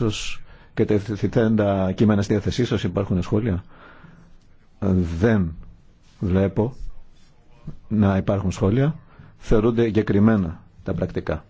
ίσως και τα κείμενα στη διάθεσή σας υπάρχουν σχόλια. Δεν βλέπω να υπάρχουν σχόλια. Θεωρούνται εγκεκριμένα τα πρακτικά.